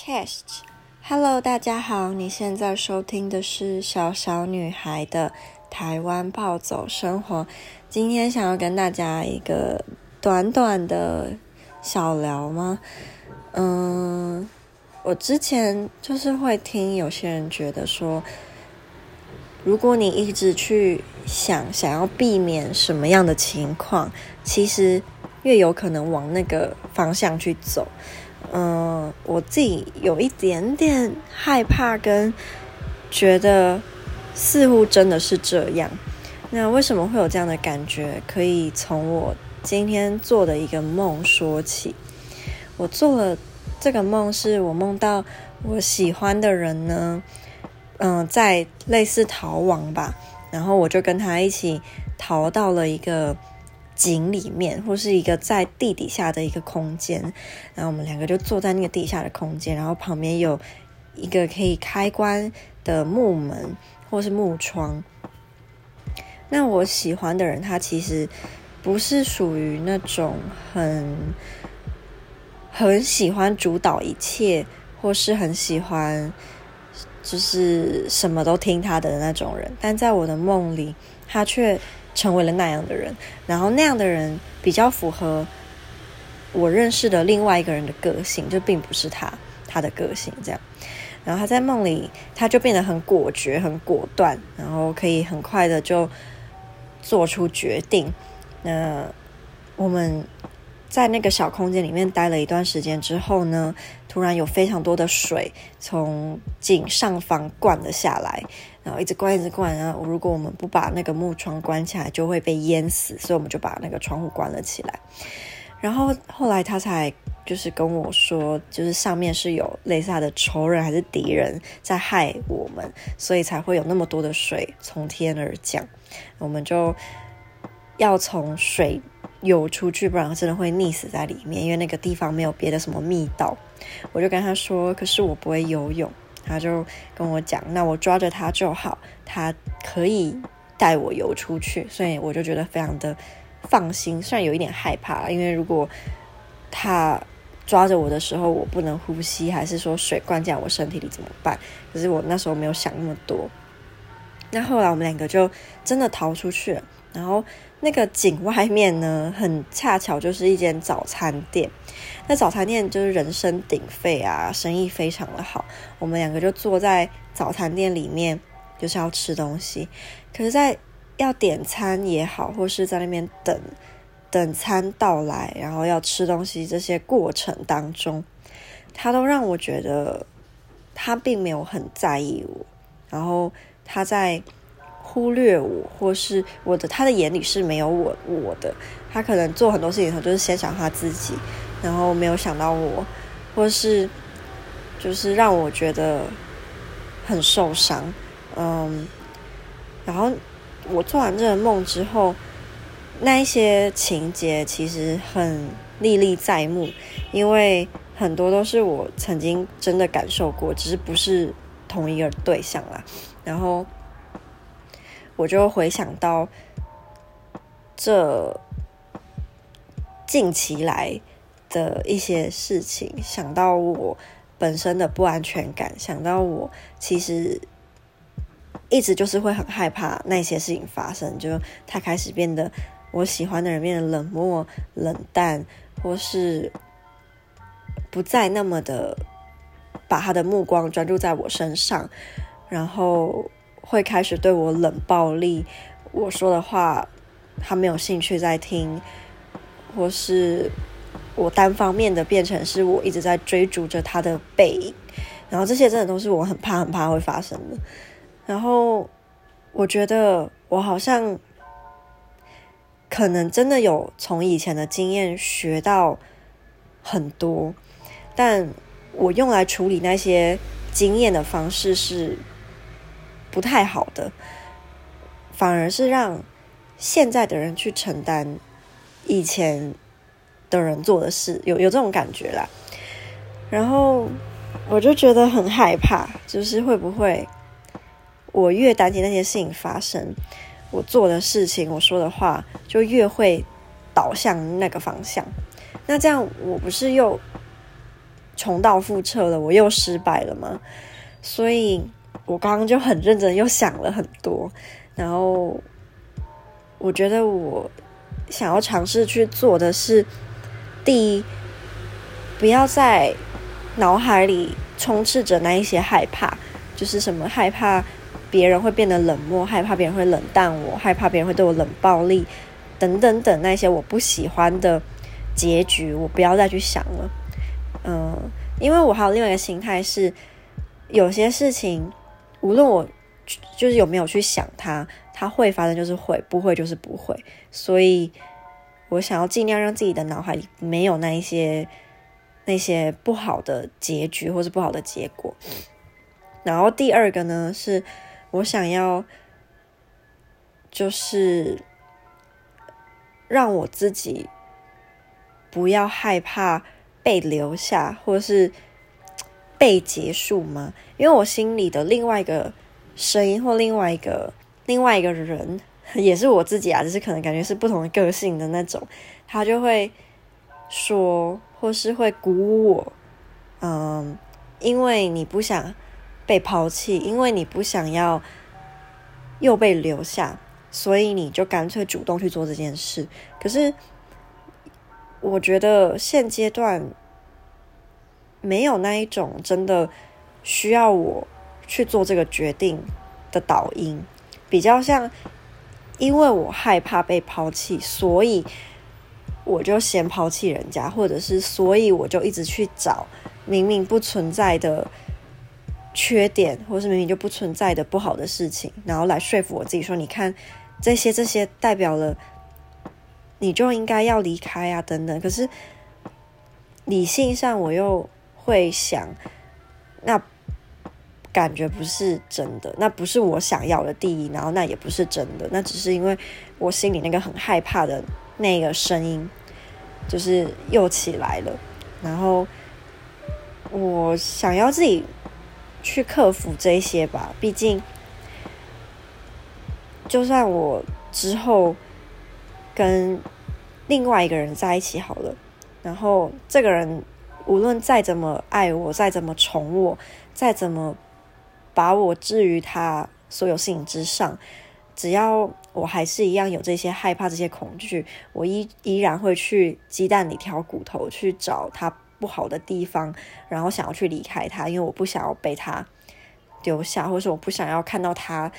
Chest, Hello, 大家好，你現在收聽的是小小女孩的台灣暴走生活。今天想要跟大家一個短短的小聊嗎？嗯，我之前就是會聽有些人覺得說，如果你一直去想想要避免什麼樣的情況，其實越有可能往那個方向去走。嗯，我自己有一點點害怕，跟覺得似乎真的是這樣。那為什麼會有這樣的感覺？可以從我今天做的一個夢說起。我做了這個夢，是我夢到我喜歡的人呢，嗯，在類似逃亡吧，然後我就跟他一起逃到了一個。井裡面，或是一個在地底下的一個空間，然後我們兩個就坐在那個地下的空間，然後旁邊有一個可以開關的木門或是木窗。那我喜歡的人，他其實不是屬於那種很很喜歡主導一切，或是很喜歡就是什麼都聽他的那種人，但在我的夢裡，他卻。成為了那樣的人，然後那樣的人比較符合我認識的另外一個人的個性，就並不是他他的個性這樣。然後他在夢裡，他就變得很果決、很果斷，然後可以很快的就做出決定。那我們在那個小空間裡面待了一段時間之後呢，突然有非常多的水從井上方灌了下來。然後一直灌一直灌，啊，然後如果我們不把那個木窗關起來，就會被淹死，所以我們就把那個窗戶關了起來。然後後來他才就是跟我說，就是上面是有類似他的仇人還是敵人在害我們，所以才會有那麼多的水從天而降。我們就要從水游出去，不然真的會溺死在裡面，因為那個地方沒有別的什麼密道。我就跟他說，可是我不會游泳。他就跟我講，那我抓着他就好，他可以帶我游出去，所以我就覺得非常的放心，雖然有一點害怕，因為如果他抓着我的時候我不能呼吸，還是說水灌進我身體裡怎麼辦？可是我那時候沒有想那麼多。那後來我們兩個就真的逃出去了。然後那個井外面呢，很恰巧就是一間早餐店。那早餐店就是人聲鼎沸啊，生意非常的好。我們兩個就坐在早餐店裡面，就是要吃東西。可是，在要點餐也好，或是在那邊等等餐到來，然後要吃東西這些過程當中，他都讓我覺得他並沒有很在意我，然後。他在忽略我，或是我的他的眼裡是沒有我我的。他可能做很多事情的時候，就是先想他自己，然後沒有想到我，或是就是讓我覺得很受傷。嗯，然後我做完這個夢之後，那一些情節其實很歷歷在目，因為很多都是我曾經真的感受過，只是不是。同一個對象啦，然後我就回想到這近期來的一些事情，想到我本身的不安全感，想到我其實一直就是會很害怕那些事情發生，就他開始變得，我喜歡的人變得冷漠、冷淡，或是不再那麼的。把他的目光專注在我身上，然後會開始對我冷暴力。我說的話，他沒有興趣在聽，或是我單方面的變成是我一直在追逐着他的背影。然後這些真的都是我很怕、很怕會發生的。然後我覺得我好像可能真的有從以前的經驗學到很多，但……我用來處理那些經驗的方式是不太好的，反而是讓現在的人去承擔以前的人做的事，有有這種感覺啦。然後我就覺得很害怕，就是會不會我越擔心那些事情發生，我做的事情、我說的話就越會導向那個方向。那這樣我不是又？重蹈覆轍了，我又失敗了嘛，所以我剛剛就很認真，又想了很多。然後我覺得我想要嘗試去做的是，第一，不要在腦海裡充斥着那一些害怕，就是什麼害怕別人會變得冷漠，害怕別人會冷淡我，害怕別人會對我冷暴力，等等等那些我不喜歡的結局，我不要再去想了。嗯，因為我還有另外一個心態是，有些事情無論我就是有沒有去想它，它會發生就是會，不會就是不會。所以，我想要盡量讓自己的腦海裡沒有那一些那些不好的結局或是不好的結果。然後第二個呢，是我想要就是讓我自己不要害怕。被留下，或是被結束嗎？因為我心裡的另外一個聲音，或另外一個另外一個人，也是我自己啊，只是可能感覺是不同的個性的那種，他就會說，或是會鼓舞我，嗯，因為你不想被拋棄，因為你不想要又被留下，所以你就乾脆主動去做這件事。可是。我覺得現階段沒有那一種真的需要我去做這個決定的導因，比較像，因為我害怕被拋棄，所以我就先拋棄人家，或者是所以我就一直去找明明不存在的缺點，或者是明明就不存在的不好的事情，然後來說服我自己說，你看這些這些代表了。你就應該要離開啊，等等。可是理性上，我又會想，那感覺不是真的，那不是我想要的第一，然後那也不是真的，那只是因為我心裡那個很害怕的那個聲音，就是又起來了。然後我想要自己去克服這些吧，畢竟就算我之後。跟另外一個人在一起好了。然後這個人無論再怎麼愛我、再怎麼寵我、再怎麼把我置於他所有事情之上，只要我還是一樣有這些害怕、這些恐懼，我依依然會去雞蛋裡挑骨頭，去找他不好的地方，然後想要去離開他，因為我不想要被他丟下，或是我不想要看到他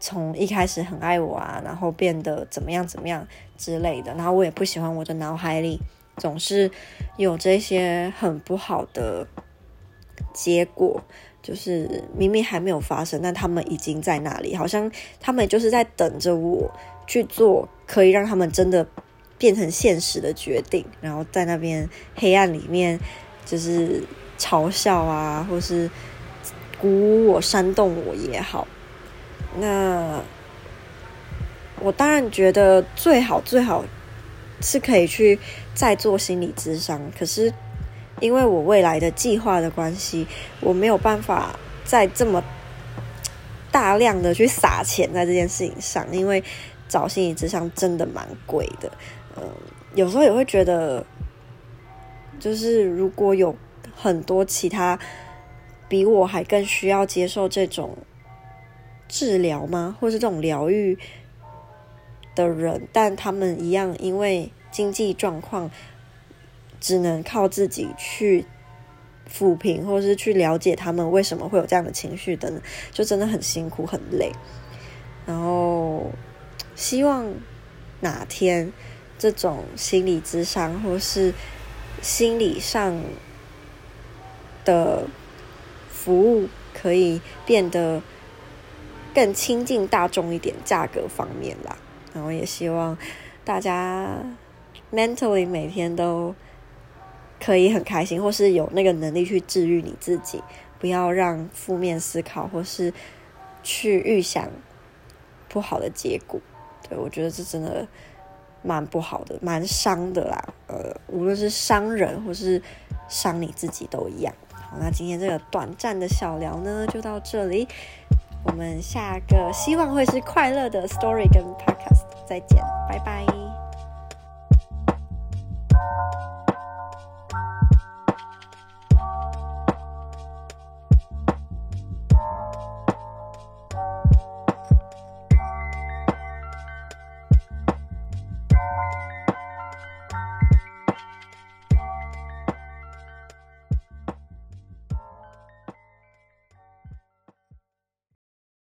從一開始很愛我啊，然後變得怎麼樣怎麼樣之類的，然後我也不喜歡我的腦海裡總是有這些很不好的結果，就是明明還沒有發生，但他們已經在那裡，好像他們就是在等着我去做可以讓他們真的變成現實的決定，然後在那邊黑暗裡面就是嘲笑啊，或是鼓舞我、煽動我也好。那我當然覺得最好最好是可以去再做心理諮商，可是因為我未來的計劃的關係，我沒有辦法再這麼大量的去撒錢在這件事情上，因為找心理諮商真的蠻貴的。嗯，有時候也會覺得，就是如果有很多其他比我還更需要接受這種。治療嗎，或是這種療癒的人，但他們一樣，因為經濟狀況，只能靠自己去撫平，或者是去了解他們為什麼會有這樣的情緒等，就真的很辛苦很累。然後，希望哪天這種心理諮商或是心理上的服務可以變得。更親近大眾一點，價格方面啦，然後也希望大家 mentally 每天都可以很開心，或是有那個能力去治癒你自己，不要讓負面思考或是去預想不好的結果。對，我覺得這真的蠻不好的，蠻傷的啦。呃，無論是傷人或是傷你自己都一樣。好，那今天這個短暫的小聊呢，就到這裡。我們下個希望會是快樂的 story 跟 podcast，再見，拜拜。